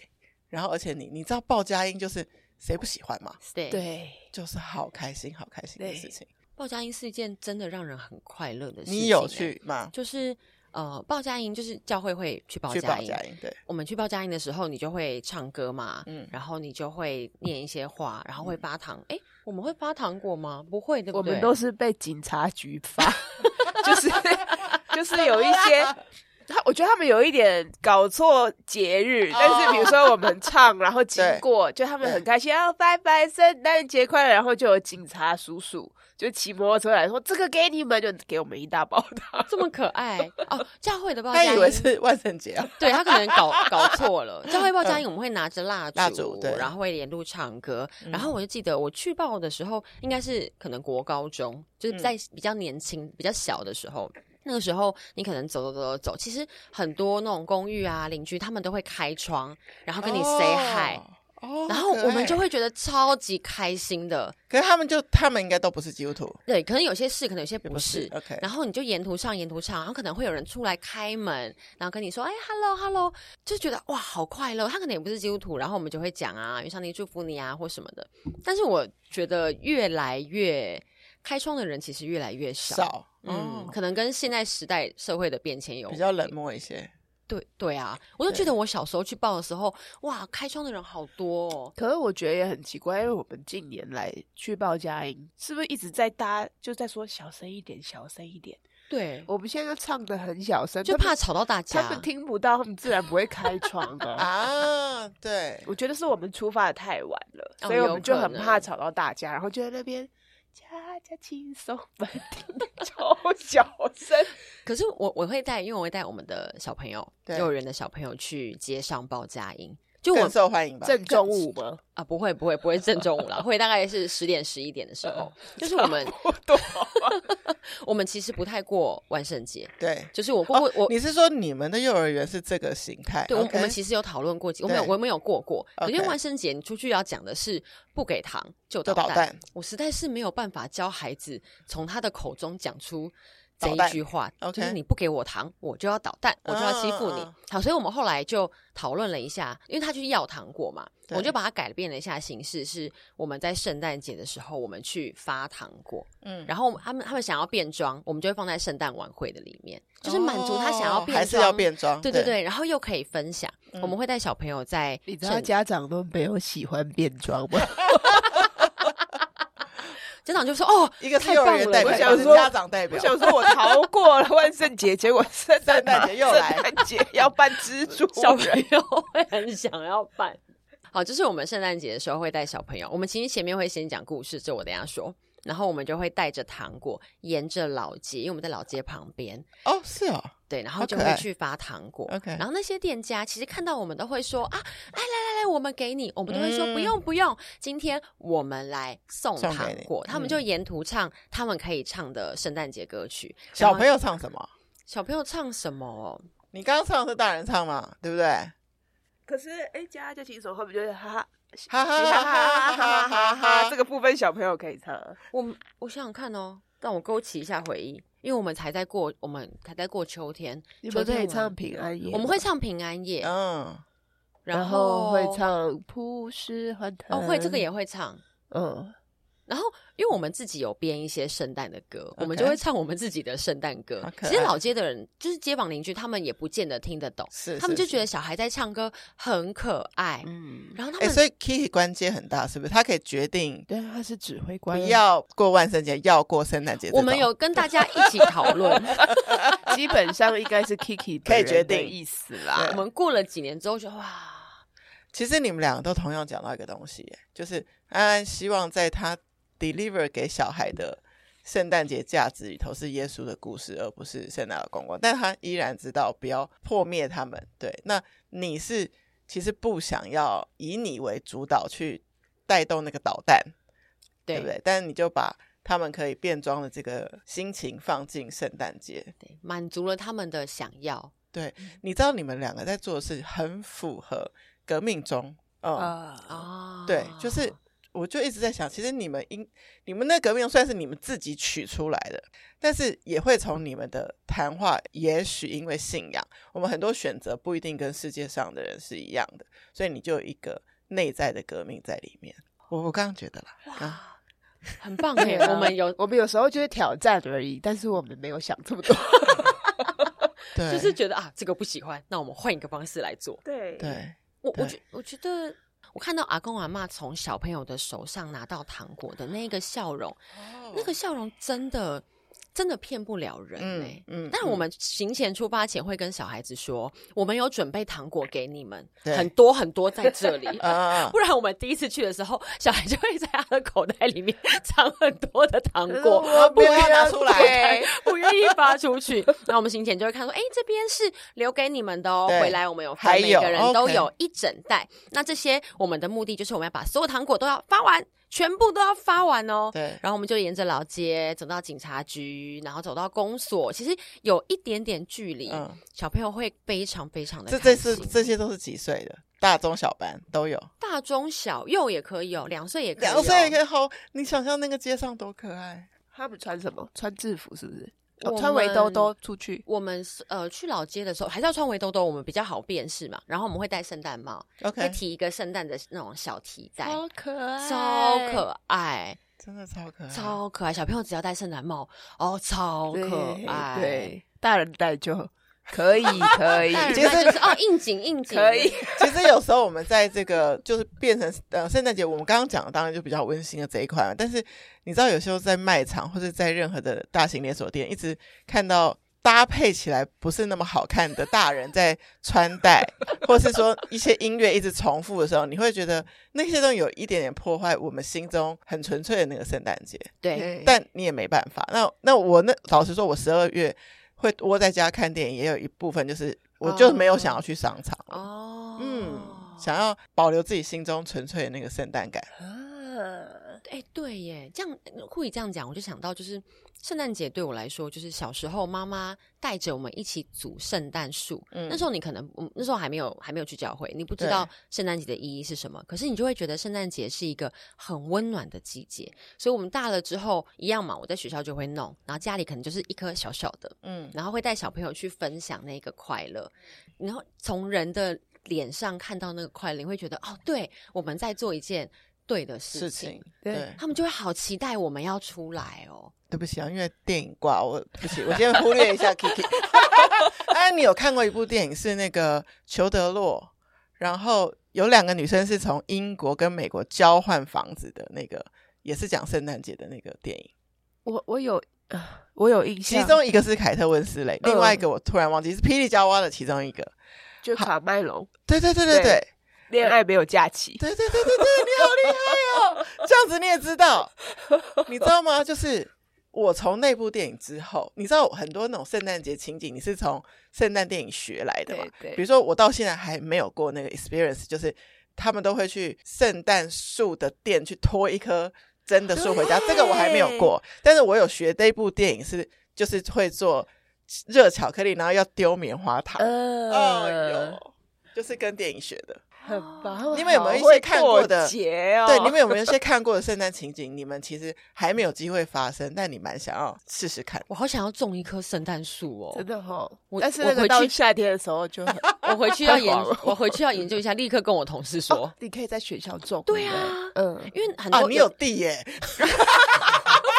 然後而且你你知道報佳音就是誰不喜歡嗎？對，就是好開心好開心的事情。報佳音是一件真的讓人很快樂的事情。欸，你有趣嗎？就是。呃，報佳音就是教會會去報佳音。佳音對，我們去報佳音的時候，你就會唱歌嘛，嗯，然後你就會念一些話，嗯、然後會發糖。哎，我們會發糖果嗎？不會，的。我們都是被警察局發， 就是 就是有一些。他我覺得他們有一點搞錯節日，但是比如說我們唱，然後經過，就他們很開心啊，拜拜，聖誕節快樂，然後就有警察叔叔就騎摩托車來說，這個給你們，就給我們一大包糖，這麼可愛哦，教會的報佳音，他以為是萬聖節。啊對，他可能搞搞錯了。教會報佳音，我們會拿着蠟燭，然後會連路唱歌，然後我就記得我去報的時候，應該是可能國高中，就是在比較年輕、比較小的時候。那個時候，你可能走走走走走，其實很多那種公寓啊，鄰居他們都會開窗，然後跟你 say hi，哦哦、然後我們就會覺得超級開心的。可是他們就他們應該都不是基督徒，對，可能有些是，可能有些不是，不是 OK。然後你就沿途唱，沿途唱，然後可能會有人出來開門，然後跟你說：“哎，hello hello”，就覺得哇，好快樂。他可能也不是基督徒，然後我們就會講啊，願上帝祝福你啊，或什麼的。但是我覺得越來越。開窗的人其實越來越少，嗯，可能跟現在時代社會的變遷有比較冷漠一些。對對啊，我就覺得我小時候去報的時候，哇，開窗的人好多哦。可是我覺得也很奇怪，因為我們近年來去報佳音，是不是一直在搭，就在說小聲一點，小聲一點。對，我們現在就唱得很小聲，就怕吵到大家。他們聽不到，他們自然不會開窗的啊。對，我覺得是我們出發的太晚了，所以我們就很怕吵到大家，然後就在那邊。家家輕鬆板的超小聲， 可是我我會帶，因為我會帶我們的小朋友，幼兒園的小朋友去街上報佳音。就我，受歡迎吧？正中午嗎？啊，不會不會不會正中午了，會大概是十點十一點的時候。就是我們，我們其實不太過萬聖節。對，就是我過過我，你是說你們的幼兒園是這個形態？對，我們其實有討論過，我沒有我沒有過過，因為萬聖節你出去要講的是不給糖就搗蛋，我實在是沒有辦法教孩子從他的口中講出。這一句話蛋，就是你不給我糖，Okay 我就要搗蛋，我就要欺負你。啊啊啊好，所以我們後來就討論了一下，因為他去要糖果嘛，對我就把它改變了一下形式，是我們在聖誕節的時候，我們去發糖果。嗯，然後他們他們想要變裝，我們就會放在聖誕晚會的裡面，就是滿足他想要變裝、哦、還是要變裝。對對對，對然後又可以分享，嗯、我們會帶小朋友在。你知道所以家長都沒有喜歡變裝嗎？ 家長就說：“哦，一個幼兒園代表太棒了。代表，我想說家長代表，我想說我逃過了萬聖節， 結果聖誕節又來，節 要扮蜘蛛，小朋友會很想要扮。好，這、就是我們聖誕節的時候會帶小朋友。我們其實前面會先講故事，這我等一下說。”然後我們就會帶着糖果，沿着老街，因為我們在老街旁邊。哦，是哦，對，然後就會去發糖果。OK，然後那些店家其實看到我們都會說啊，哎、來來來，我們給你，我們都會說、嗯、不用不用，今天我們來送糖果。他們就沿途唱、嗯、他們可以唱的聖誕節歌曲。小朋友唱什麼？小朋友唱什麼？你剛唱的是大人唱嘛？對不對？可是哎，加加輕鬆，後面就是哈哈。哈哈哈哈哈哈！這個部分小朋友可以唱。我我想想看哦、喔，讓我勾起一下回憶，因為我們才在過，我們才在過秋天，你們可以、啊、唱平安夜？我們會唱平安夜，嗯，然後，然後會唱《普世歡騰》，哦，會這個也會唱，嗯。然後，因為我們自己有編一些聖誕的歌，我們就會唱我們自己的聖誕歌。其實老街的人，就是街坊鄰居，他們也不見得聽得懂，是他們就覺得小孩在唱歌很可愛。嗯，然後他們，欸，所以 Kiki 關鍵很大，是不是？他可以決定，對，他是指揮官，不要過萬聖節，要過聖誕節。我們有跟大家一起討論，基本上應該是 Kiki 可以決定意思啦。我們過了幾年之後，就哇，其實你們兩個都同樣講到一個東西，就是安安希望在他。deliver 給小孩的聖誕節價值裡頭是耶穌的故事，而不是聖誕的公公。但他依然知道不要破滅他們。對，那你是其實不想要以你為主導去帶動那個導彈，對，對不對？但是你就把他們可以變裝的這個心情放進聖誕節，滿足了他們的想要。對，你知道你們兩個在做的事情很符合革命中，啊、嗯嗯、對，就是。我就一直在想，其實你們應你們那革命算是你們自己取出來的，但是也會從你們的談話，也許因為信仰，我們很多選擇不一定跟世界上的人是一樣的，所以你就有一個內在的革命在裡面。我我剛剛覺得了，啊哇，剛剛很棒誒！ 我們有我們有時候就是挑戰而已，但是我們沒有想這麼多，對，就是覺得啊，這個不喜歡，那我們換一個方式來做。對對，我我覺我覺得。我看到阿公阿嬤從小朋友的手上拿到糖果的那個笑容，那個笑容真的。真的騙不了人、欸、嗯，嗯，但我們行前出發前會跟小孩子說，嗯、我們有準備糖果給你們，對很多很多在這裡， 不然我們第一次去的時候，小孩就會在他的口袋裡面 藏很多的糖果，不願意拿出來、欸，不願意發出去。那 我們行前就會看說，哎、欸，這邊是留給你們的哦，對回來我們有發，每個人有都有一整袋。okay 那這些我們的目的就是我們要把所有糖果都要發完。全部都要發完哦，對，然後我們就沿着老街走到警察局，然後走到公所，其實有一點點距離，嗯、小朋友會非常非常的開心。這這是，這些都是幾歲的？大中小班都有，大中小幼也可以哦，兩歲也可以、哦。兩歲也可以吼。你想象那個街上多可愛？他們穿什麼？穿制服是不是？穿圍兜兜出去我，我們是呃去老街的時候還是要穿圍兜兜，我們比較好辨識嘛。然後我們會戴聖誕帽 Okay. 就再提一個聖誕的那種小提袋，超可愛，超可愛，可愛真的超可愛，超可愛。小朋友只要戴聖誕帽，哦，超可愛，對，對，大人戴就。可以可以，其實哦應景應景可以。可以 其實有時候我們在這個就是變成呃聖誕節，我們剛剛講的當然就比較溫馨的這一塊了。但是你知道有時候在賣場或者在任何的大型連鎖店，一直看到搭配起來不是那麼好看的大人在穿戴， 或是說一些音樂一直重複的時候，你會覺得那些東西有一點點破壞我們心中很純粹的那個聖誕節。對，但你也沒辦法。那那我那老實說，我十二月。會窩在家看電影，也有一部分就是我就沒有想要去商場 oh. Oh. 嗯，想要保留自己心中純粹的那個聖誕感。Oh. 哎、欸，對耶，這樣會這樣講，我就想到，就是聖誕節對我來說，就是小時候媽媽帶着我們一起組聖誕樹。嗯，那時候你可能，那時候還沒有還沒有去教會，你不知道聖誕節的意義是什麼，對可是你就會覺得聖誕節是一個很溫暖的季節。所以我們大了之後一樣嘛，我在學校就會弄，然後家裡可能就是一棵小小的，嗯，然後會帶小朋友去分享那個快樂，然後從人的臉上看到那個快樂，你會覺得哦，對，我們在做一件對的事情，事情對，對他們就會好期待我們要出來哦。對不起啊，因為電影掛，我不行，我先忽略一下 Kiki。哎 キキ、 啊，你有看過一部電影是那個裘德洛，然後有兩個女生是從英國跟美國交換房子的那個，也是講聖誕節的那個電影。我我有、呃，我有印象。其中一個是凱特溫斯雷，呃、另外一個我突然忘記是霹靂嬌娃的其中一個，就卡麥隆。對對對對對。對戀愛沒有假期。對對對對對，你好厲害哦！ 這樣子你也知道，你知道嗎？就是我從那部電影之後，你知道很多那種聖誕節情景，你是從聖誕電影學來的嘛？對，對對。比如說，我到現在還沒有過那個 experience，就是他們都會去聖誕樹的店去拖一棵真的樹回家，對這個我還沒有過。但是我有學那部電影是，就是會做熱巧克力，然後要丟棉花糖。嗯、呃，有、哦，就是跟電影學的。很棒。你們有沒有一些看過的？對，你們有沒有一些看過的聖誕情景？你們其實還沒有機會發生，但你蠻想要試試看。我好想要種一棵聖誕樹哦！真的哈，但是我到夏天的時候就我回去要研，我回去要研究一下，立刻跟我同事說，你可以在學校種。對啊，嗯，因為很多你有地耶。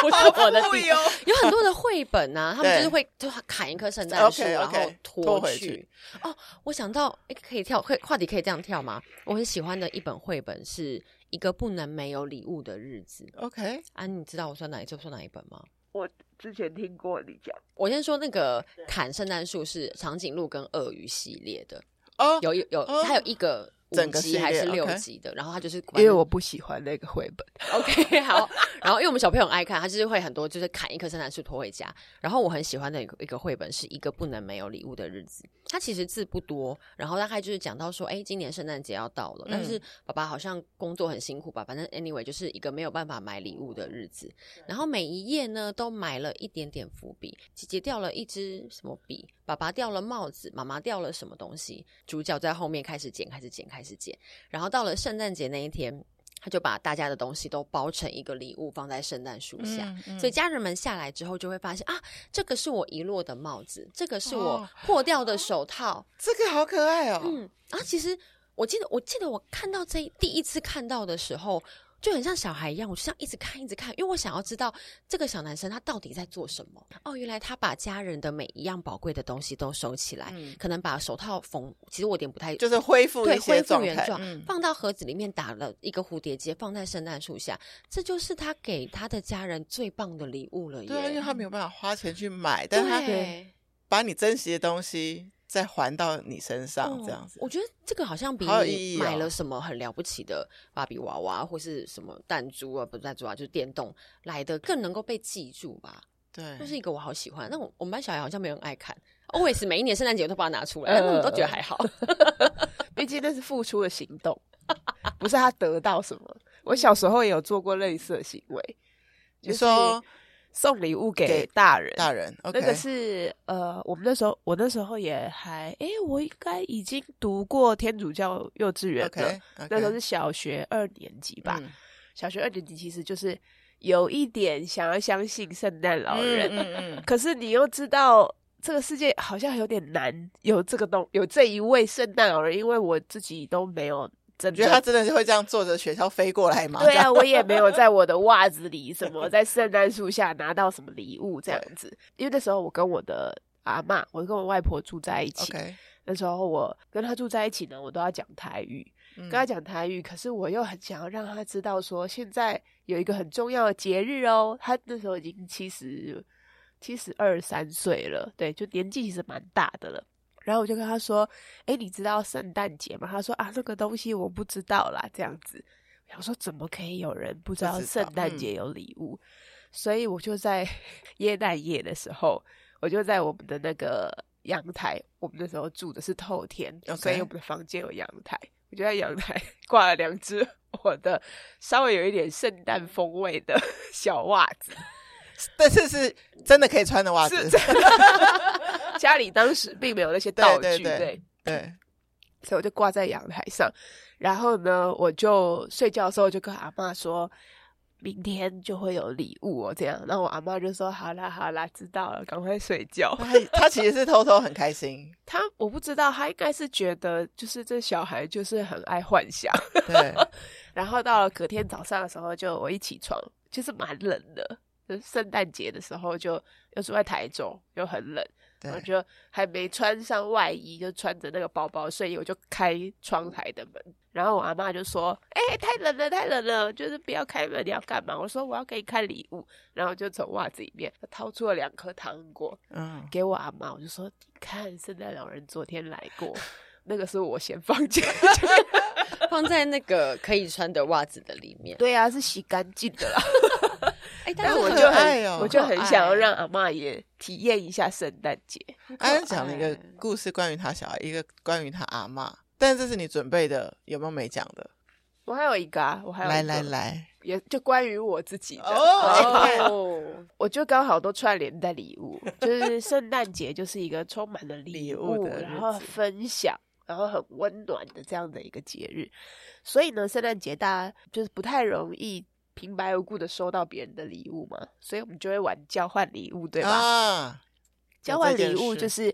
我 我的地有、哦、 有很多的繪本吶、啊，啊、他們就是會就砍一棵聖誕樹，對然後拖，okay, okay, 拖回去。回去哦，我想到誒、欸，可以跳，可以話題可以這樣跳嗎？我很喜歡的一本繪本是一個不能沒有禮物的日子。OK 啊，你知道我說哪一就說哪一本嗎？我之前聽過你講，我先說那個砍聖誕樹是長頸鹿跟鱷魚系列的哦，有有它、哦、有一個。整個五集還是六集的，然後他就是因為我不喜歡那個繪本。 OK，好，然後因為我們小朋友很愛看，他就是會很多，就是砍一棵聖誕樹拖回家。然後我很喜歡的一個繪本是一個不能沒有禮物的日子。它其實字不多，然後大概就是講到說，哎、欸，今年聖誕節要到了，嗯、但是爸爸好像工作很辛苦吧？反正 anyway，就是一個沒有辦法買禮物的日子。然後每一頁呢都埋了一點點伏筆，姐姐掉了一支什麼筆？爸爸掉了帽子，媽媽掉了什麼東西？主角在後面開始撿，開始撿，開始撿。然後到了聖誕節那一天，他就把大家的東西都包成一個禮物，放在聖誕樹下。嗯嗯、所以家人們下來之後就會發現啊，這個是我遺落的帽子，這個是我破掉的手套，哦哦、這個好可愛哦。嗯啊，其實我記得，我記得我看到這第一次看到的時候，就很像小孩一樣，我就像一直看，一直看，因為我想要知道這個小男生他到底在做什麼。哦，原來他把家人的每一樣寶貴的東西都收起來，嗯、可能把手套縫，其實我有點不太，就是恢復一些狀態，對，恢復原狀，嗯、放到盒子裡面打了一個蝴蝶結，放在聖誕樹下，這就是他給他的家人最棒的禮物了。對啊，因為他沒有辦法花錢去買，但他可以把你珍惜的東西。再還到你身上，這樣子。Oh, 我覺得這個好像比你買了什麼很了不起的芭比娃娃或是什麼彈珠啊、不是彈珠啊，就是電動來的更能夠被記住吧？對，這是一個我好喜歡。那我我們班小孩好像沒人愛看，always 每一年聖誕節我都把它拿出來，呃、那我們都覺得還好。 畢竟那是付出的行動，不是他得到什麼。我小時候也有做過類似的行為，就是、你說。送禮物給大人，okay, 大人，okay. 那個是呃，我們那時候，我那時候也還，誒，我應該已經讀過天主教幼稚園了，okay, okay. 那時候是小學二年級吧。嗯、小學二年級其實就是有一點想要相信聖誕老人，嗯嗯嗯、可是你又知道這個世界好像有點難有這個東有這一位聖誕老人，因為我自己都沒有。你覺得他真的是會這樣坐着雪橇飛過來嗎？對啊，我也沒有在我的襪子裡什麼，在聖誕樹下拿到什麼禮物這樣子。 因為那時候我跟我的阿嬤，我跟我外婆住在一起。Okay. 那時候我跟他住在一起呢，我都要講台語，嗯、跟他講台語。可是我又很想要讓他知道說，現在有一個很重要的節日哦。他那時候已經七十七十二三歲了，對，就年紀其實蠻大的了。然後我就跟他說：“哎，你知道聖誕節嗎？”他說：“啊，這、那個東西我不知道啦。”這樣子，我說，怎麼可以有人不知道聖誕節有禮物？嗯、所以我就在耶誕夜的時候，我就在我們的那個陽台，我們那時候住的是透天，Okay. 所以我們的房間有陽台。我就在陽台掛了兩隻我的稍微有一點聖誕風味的小襪子。但是是，是，是真的可以穿的襪子， 家裡當時並沒有那些道具，對，對對，對對，所以我就掛在陽台上。然後呢，我就睡覺的時候就跟阿媽說，明天就會有禮物哦，這樣。然後我阿媽就說：“好啦，好啦，知道了，趕快睡覺。”他他他其實是偷偷很開心。 他我不知道，他應該是覺得就是這小孩就是很愛幻想。對。 然後到了隔天早上的時候，就我一起床，就是蠻冷的。聖誕節的時候，就又住在台中，又很冷，我對就還沒穿上外衣，就穿着那個包包睡衣，我就開窗台的門，嗯、然後我阿媽就說：“哎、欸，太冷了，太冷了，就是不要開門，你要幹嘛？”我說：“我要給你看禮物。”然後就從襪子裡面掏出了兩顆糖果，嗯，給我阿媽，我就說：“看，聖誕老人昨天來過， 那個是我先放進去， 放在那個可以穿的襪子的裡面。”對啊，是洗乾淨的啦。 但我就很，我，很愛哦，我就很想要讓阿嬤，也體驗一下聖誕節。安安講了一個故事，關於他小孩，一個關於他阿嬤。但是這是你準備的，有沒有沒講的？我還有一個啊，我還有一個。來來來，也就關於我自己的哦。Oh, oh, yeah. 我就剛好都串聯的禮物， 就是聖誕節就是一個充滿了禮物，物的然後分享，然後很溫暖的這樣的一個節日。所以呢，聖誕節大家就是不太容易。平白無故的收到別人的禮物嘛，所以我們就會玩交換禮物，對吧？啊，交換禮物就是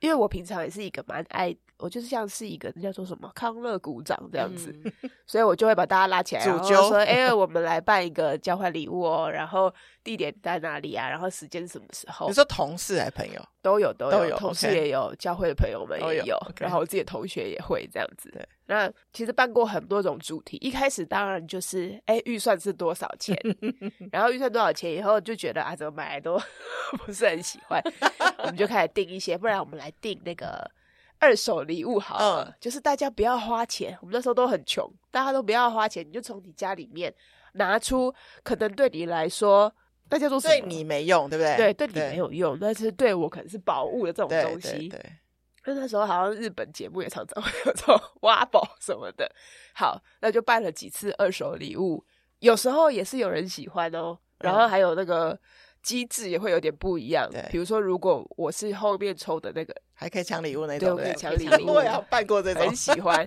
因為我平常也是一個蠻愛。我就是像是一個叫做什麼康樂鼓掌這樣子，嗯、所以我就會把大家拉起來，主揪揪說：“哎、欸，我們來辦一個交換禮物哦。”然後地點在哪裡啊？然後時間什麼時候？你說同事還是朋友都有，都有，都有同事也有，Okay. 教會的朋友們也有，有 okay. 然後我自己的同學也會這樣子。那其實辦過很多種主題，一開始當然就是哎、欸，預算是多少錢， 然後預算多少錢以後就覺得啊，怎麼買來都不是很喜歡， 我們就開始定一些，不然我們來定那個。二手禮物好，就是大家不要花錢。嗯，我們那時候都很窮，大家都不要花錢，你就從你家裡面拿出可能對你來說，大家說對你沒用，對不對？對，對你沒有用，對但是對我可能是寶物的這種東西。對，對對。那那時候好像日本節目也常常會有這種挖寶什麼的。好，那就辦了幾次二手禮物，有時候也是有人喜歡哦。然後還有那個。嗯機製也會有點不一樣，的對比如說，如果我是後面抽的那個，還可以搶禮物那種，對，搶禮物。我也辦過這個，很喜歡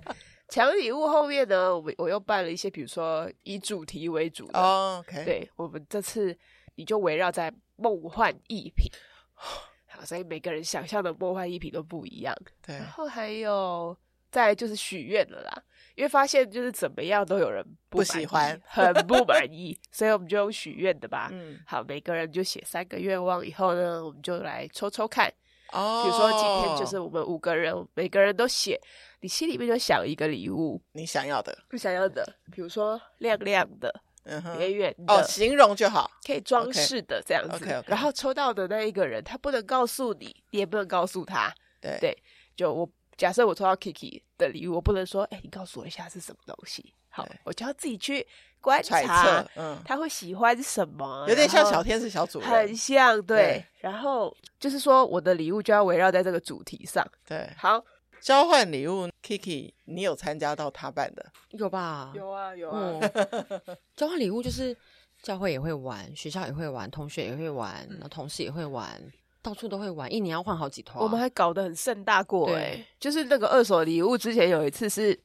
搶禮物。後面呢，我我又辦了一些，比如說以主題為主的。Oh, okay. 對我們這次你就圍繞在夢幻逸品，好，所以每個人想象的夢幻逸品都不一樣。對，然後還有再來就是許願了啦。因為發現就是怎麼樣都有人不，不喜歡， 很不滿意，所以我們就用許願的吧。嗯，好，每個人就寫三個願望，以後呢，我們就來抽抽看。哦，比如說今天就是我們五個人，每個人都寫，你心裡面就想一個禮物，你想要的，不想要的，比如說亮亮的，圓圓、嗯、哼的，哦，形容就好，可以裝飾的這樣子。Okay. Okay, okay. 然後抽到的那一個人，他不能告訴你，你也不能告訴他。對，對，就我。假設我抽到 Kiki 的禮物，我不能說，哎、欸，你告訴我一下是什麼東西。好，對我就要自己去觀察，嗯，他會喜歡什麼？嗯、後有點像小天使小主人，很像，對。對然後就是說，我的禮物就要圍繞在這個主題上，對。好，交換禮物，Kiki，你有參加到他辦的？有吧？有啊，有啊。嗯、 交換禮物就是教會也會玩，學校也會玩，同學也會玩，然後同事也會玩。嗯到處都會玩，一年要換好幾套、啊。我們還搞得很盛大過、欸，對。就是那個二手禮物。之前有一次是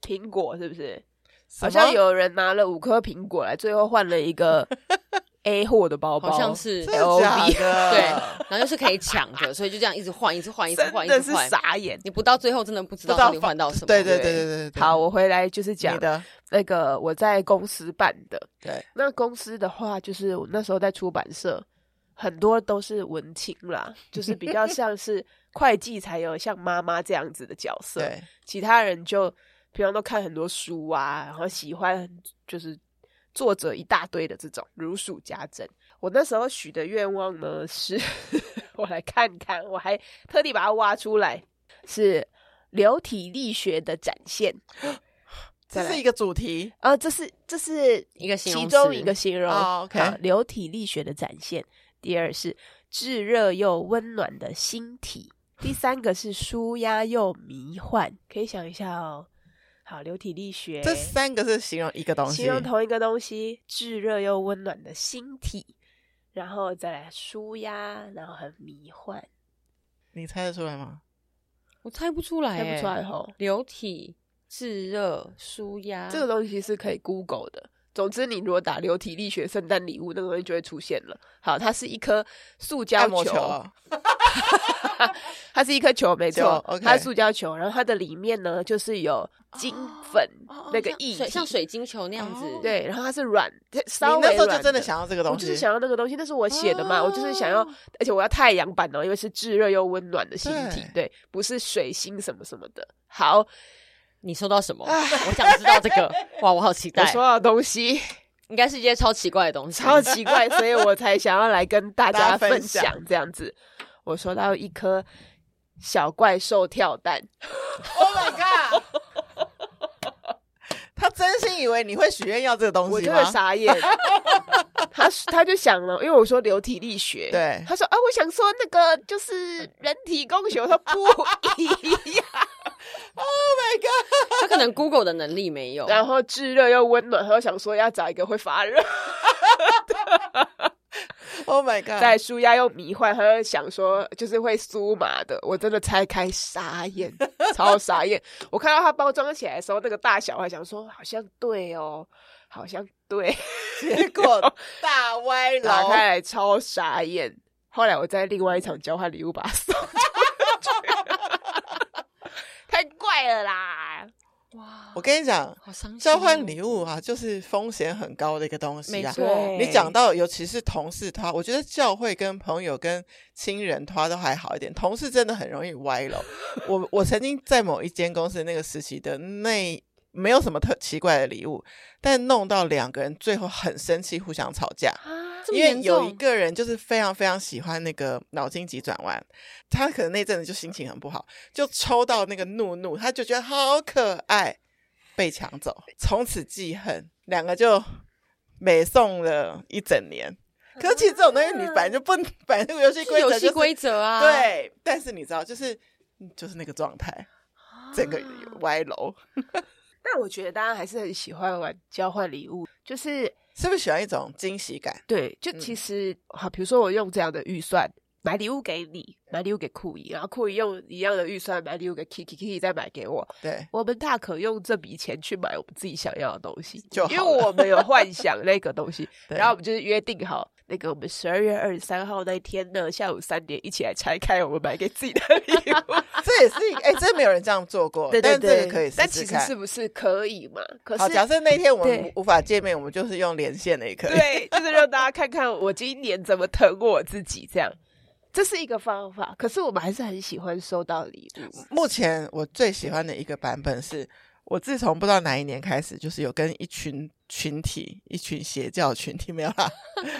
蘋果，是不是？什麼？好像有人拿了五顆蘋果來，最後換了一個 A 貨的包包，好像是 LV 的。對，然後就是可以搶的， 所以就這樣一直換，一直換，一直換，一直換。傻眼。你不到最後，真的不知道到底換到什麼到。對對對對對,對。好，我回來就是講的那個，我在公司辦的。的辦的對，那公司的話，就是我那時候在出版社。很多都是文青啦， 就是比較像是會計才有像媽媽這樣子的角色，對其他人就平常都看很多書啊，然後喜歡就是作者一大堆的這種如數家珍。我那時候許的願望呢是， 我來看看，我還特地把它挖出來，是流體力學的展現，這是一個主題啊、呃，這是這是一個形容，其中一個形容，個形容，OK，流體力學的展現。第二是炙熱又溫暖的星體，第三個是舒壓又迷幻， 可以想一下哦。好，流體力學，這三個是形容一個東西，形容同一個東西，炙熱又溫暖的星體，然後再來舒壓，然後很迷幻。你猜得出來嗎？我猜不出來，猜不出來、哦、流體炙熱舒壓，壓這個東西是可以 Google 的。總之，你如果打流體力學聖誕禮物那個東西就會出現了。好，它是一顆塑膠球，球 它是一顆球， 沒錯錯它是塑膠球。然後它的裡面呢，就是有金粉、哦、那個液體，像水晶球那樣子。哦、對，然後它是軟，稍微軟。你那時候就真的想要這個東西，我就是想要那個東西。但是我寫的嘛，哦、我就是想要，而且我要太陽版哦，因為是炙熱又溫暖的星體，對，對，不是水星什麼什麼的。好。你收到什麼？ 我想知道這個。哇，我好期待啊！我收到的東西，應該是一件超奇怪的東西，超奇怪，所以我才想要來跟大家分享這樣子。我收到一顆小怪獸跳蛋。Oh my god！ 他真心以為你會許願要這個東西嗎？我就傻眼。 他他就想了，因為我說流體力學，對，他說啊，我想說那個就是人體工學，我說不一樣。 Oh my god！他可能 Google 的能力沒有， 然後炙熱又溫暖，他又想說要找一個會發熱。 對 Oh my god！在舒壓又迷幻，他又想說就是會酥麻的。我真的拆開傻眼，超傻眼。 我看到他包裝起來的時候，那個大小，我還想說好像對哦，好像對。結果大歪了， 打開來超傻眼。 後來我在另外一場交換禮物把它送 壞了啦！哇我跟你講，交換禮物啊，就是風險很高的一個東西啊。錯你講到，尤其是同事他，我覺得教會跟朋友跟親人他都還好一點，同事真的很容易歪了。 我我曾經在某一間公司那個時期的那。沒有什麼特奇怪的禮物，但弄到兩個人最後很生氣，互相吵架。啊、這麼因為有一個人就是非常非常喜歡那個腦筋急轉彎，他可能那陣子就心情很不好，嗯、就抽到那個怒怒，他就覺得好可愛，被搶走，從此記恨。兩個就沒送了一整年。可是其實這種東西，你反正就不反正這個遊戲規則、就是，是遊戲規則啊。對，但是你知道，就是就是那個狀態，整個有歪樓。啊 但我覺得大家還是很喜歡玩交換禮物，就是是不是喜歡一種驚喜感？對，就其實好，比、嗯、如說我用這樣的預算買禮物給你，買禮物給酷姨，然後酷姨用一樣的預算買禮物給 Kiki，Kiki 再買給我。對，我們大可用這筆錢去買我們自己想要的東西，就因為我們有幻想那個東西， 然後我們就是約定好那個我們十二月二十三號那一天呢，下午三點一起來拆開我們買給自己的禮物。 這也是一個，哎、欸，真沒有人這樣做過， 對對對，但這個可以試試，但其實是不是可以嘛？可是好，假設那天我們無法見面，對我們就是用連線也可以， 對，就是讓大家看看我今年怎麼疼我自己，這樣，這是一個方法。可是我們還是很喜歡收到禮物。目前我最喜歡的一個版本是。我自從不知道哪一年開始，就是有跟一群群體、一群邪教群體，沒有啦。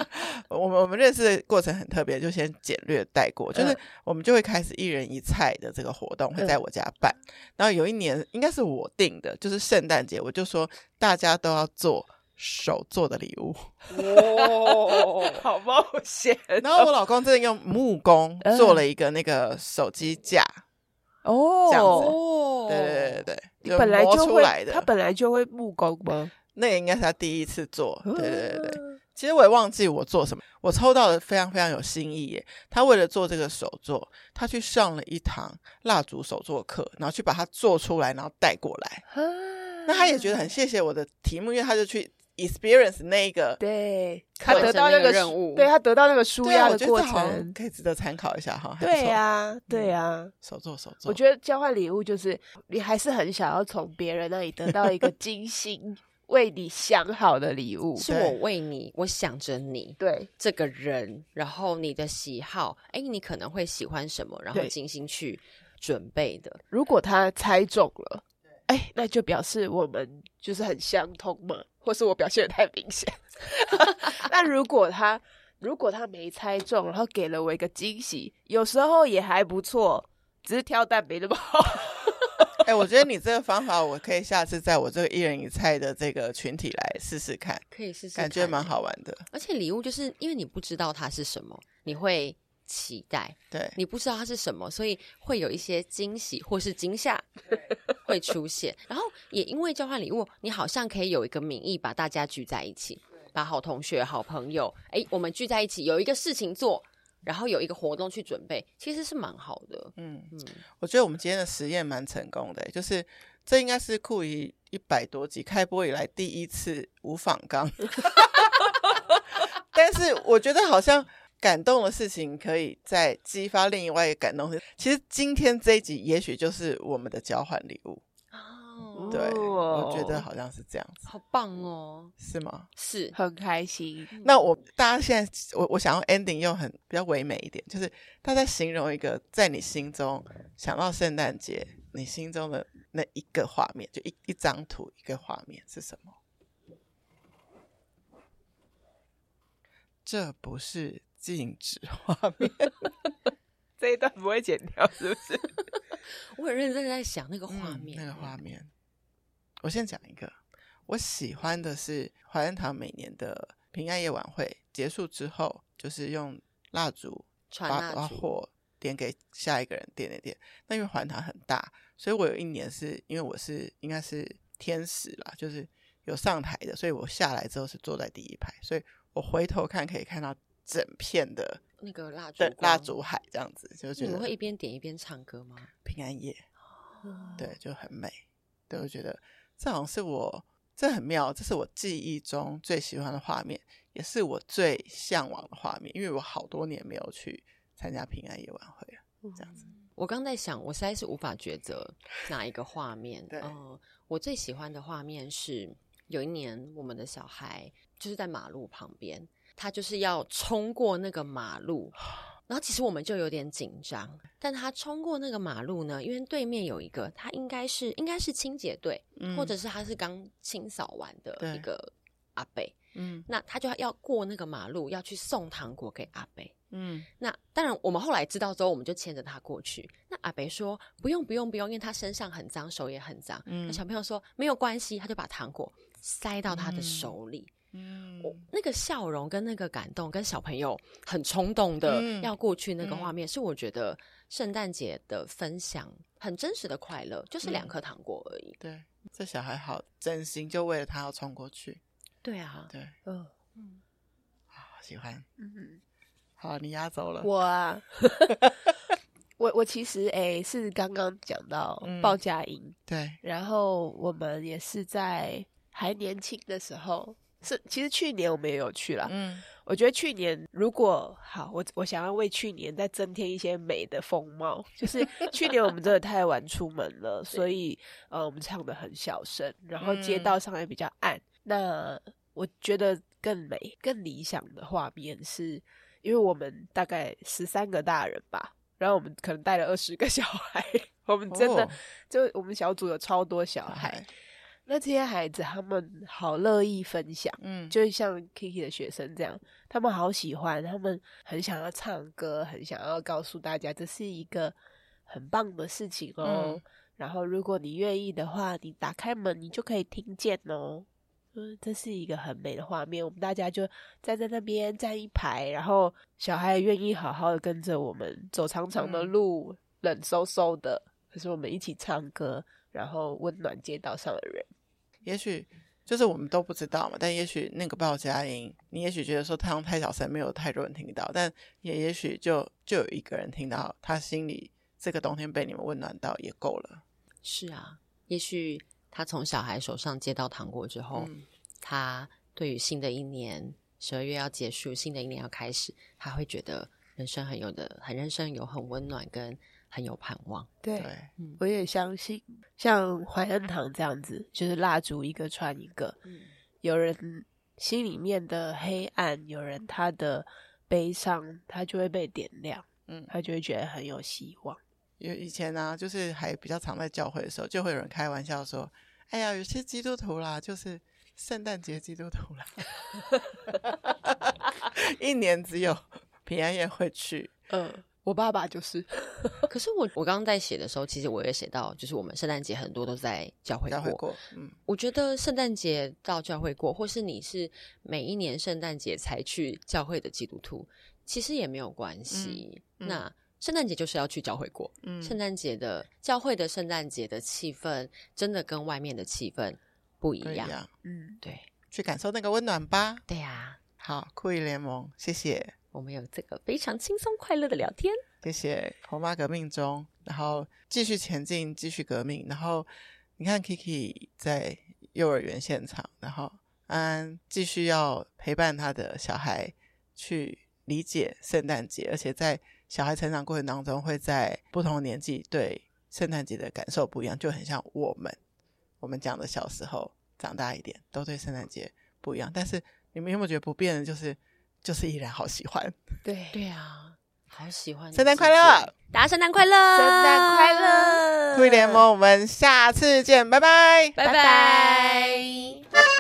我們我們認識的過程很特別，就先簡略帶過。就是我們就會開始一人一菜的這個活動，會在我家辦。嗯、然後有一年，應該是我定的，就是聖誕節，我就說大家都要做手做的禮物。哇、哦， 好冒險、哦！然後我老公真的用木工做了一個那個手機架。哦，這樣子，哦、對對對對，本來就會，就出來的，他本來就會木工嗎？那也應該是他第一次做，呵對對對，其實我也忘記我做什麼，我抽到的非常非常有新意耶。他為了做這個手作，他去上了一堂蠟燭手作課，然後去把它做出來，然後帶過來。呵那他也覺得很謝謝我的題目，因為他就去。Experience 那個，對，他得到那個任務，對，他得到那個紓壓的過程，可以值得參考一下哈。對呀，對呀，手作手作。我覺得交換禮物就是你還是很想要從別人那裡得到一個精心為你想好的禮物，是我為你，我想着你，對這個人，然後你的喜好，哎，你可能會喜歡什麼，然後精心去準備的。如果他猜中了，哎，那就表示我們就是很相通嘛。或是我表現得太明顯， 那如果他如果他沒猜中，然後給了我一個驚喜，有時候也還不錯，只是挑蛋沒那麼好。哎、 欸，我覺得你這個方法，我可以下次在我這個一人一菜的這個群體來試試看，可以試試看，感覺蠻好玩的。而且禮物就是因為你不知道它是什麼，你會期待，對，你不知道它是什麼，所以會有一些驚喜或是驚嚇。會出現，然後也因為交換禮物，你好像可以有一個名義把大家聚在一起，把好同學、好朋友，哎，我們聚在一起有一個事情做，然後有一個活動去準備，其實是蠻好的。嗯嗯，我覺得我們今天的實驗蠻成功的，就是這應該是酷姨一百多集開播以來第一次無訪綱，但是我覺得好像。感動的事情可以再激發另外一個感動。其實今天這一集也許就是我們的交換禮物哦。Oh, 對，oh. 我覺得好像是這樣子，好棒哦，是嗎？是很開心。那我大家現在，我我想要 ending 又很比較唯美一點，就是大家形容一個在你心中想到聖誕節，你心中的那一個畫面，就一一張圖，一個畫面是什麼？這不是。禁止畫面， 這一段不會剪掉，是不是？ 我很認真在想那個畫面，那個畫面，嗯、那個畫面。我先講一個，我喜歡的是華仁堂每年的平安夜晚會結束之後，就是用蠟燭把把火點給下一個人點點點。那因為華仁堂很大，所以我有一年是因為我是應該是天使啦，就是有上台的，所以我下來之後是坐在第一排，所以我回頭看可以看到。整片的那個蠟燭，蠟燭海這樣子，就是你們會一邊點一邊唱歌嗎？平安夜，哦、對，就很美，對我覺得這好像是我，這很妙，這是我記憶中最喜歡的畫面，也是我最向往的畫面，因為我好多年沒有去參加平安夜晚會了，嗯、這樣子。我剛在想，我實在是無法抉擇哪一個畫面。 對、呃，我最喜歡的畫面是有一年我們的小孩就是在馬路旁邊。他就是要衝過那個馬路，然後其實我們就有點緊張。但他衝過那個馬路呢，因為對面有一個他應該是應該是清潔隊，嗯、或者是他是剛清掃完的一個阿伯。嗯，那他就要過那個馬路，要去送糖果給阿伯。嗯，那當然我們後來知道之後，我們就牽着他過去。那阿伯說：“不用，不用，不用。”因為他身上很髒，手也很髒。嗯、那小朋友說：“沒有關係。”他就把糖果塞到他的手裡。嗯嗯，我、哦、那個笑容跟那個感動，跟小朋友很衝動的要過去那個畫面，嗯嗯、是我覺得聖誕節的分享很真實的快樂，就是兩顆糖果而已。嗯、對，這小孩好真心，就為了他要衝過去。對啊，對、哦，嗯，好好喜歡，嗯，好，你壓走了我啊， 我我其實哎、欸，是剛剛講到報佳音、嗯、對，然後我們也是在還年輕的時候。嗯是，其實去年我們也有去啦。嗯，我覺得去年如果好，我我想要為去年再增添一些美的風貌，就是去年我們真的太晚出門了， 所以對呃，我們唱得很小聲，然後街道上也比較暗。嗯、那我覺得更美、更理想的畫面是，因為我們大概十三個大人吧，然後我們可能帶了二十個小孩，我們真的、哦、就我們小組有超多小孩。哦那這些孩子他們好樂意分享，嗯，就像 Kiki 的學生這樣，他們好喜歡，他們很想要唱歌，很想要告訴大家這是一個很棒的事情哦。嗯，然後如果你願意的話，你打開門，你就可以聽見哦。嗯，這是一個很美的畫面，我們大家就站在那邊站一排，然後小孩願意好好的跟着我們走長長的路，嗯，冷颼颼的，可是我們一起唱歌。然後溫暖街道上的人，也許就是我們都不知道嘛。但也許那個報佳音，你也許覺得說他唱太小聲，沒有太多人聽到。但也也許就就有一個人聽到，他心裡這個冬天被你們溫暖到也夠了。嗯、是啊，也許他從小孩手上接到糖果之後，嗯、他對於新的一年十二月要結束，新的一年要開始，他會覺得人生很有的，很人生有很溫暖跟。很有盼望，對，我也相信。嗯、像懷恩堂這樣子，就是蠟燭一個串一個，嗯、有人心裡面的黑暗，有人他的悲傷，他就會被點亮，嗯，他就會覺得很有希望。以前呢、啊，就是還比較常在教會的時候，就會有人開玩笑說：“哎呀，有些基督徒啦，就是聖誕節基督徒啦， 一年只有 平安夜會去。”嗯。我爸爸就是， 可是我我剛剛在寫的時候，其實我也寫到，就是我們聖誕節很多都在教會過。教會過，嗯，我覺得聖誕節到教會過，或是你是每一年聖誕節才去教會的基督徒，其實也沒有關係。嗯嗯、那聖誕節就是要去教會過，嗯，聖誕節的教會的聖誕節的氣氛，真的跟外面的氣氛不一樣。啊、嗯，對，去感受那個溫暖吧。對啊，好，酷姨聯萌，謝謝。我們有這個非常輕鬆快樂的聊天，謝謝婆媽革命中，然後繼續前進，繼續革命。然後你看 Kiki 在幼兒園現場，然後安安繼續要陪伴他的小孩去理解聖誕節，而且在小孩成長過程當中，會在不同年紀對聖誕節的感受不一樣，就很像我們，我們講的小時候長大一點都對聖誕節不一樣。但是你們有沒有覺得不變的就是？就是依然好喜歡，對對啊，好喜歡！聖誕快樂，大家聖誕快樂，聖誕快樂！酷姨聯萌，我們下次見，拜拜，拜拜。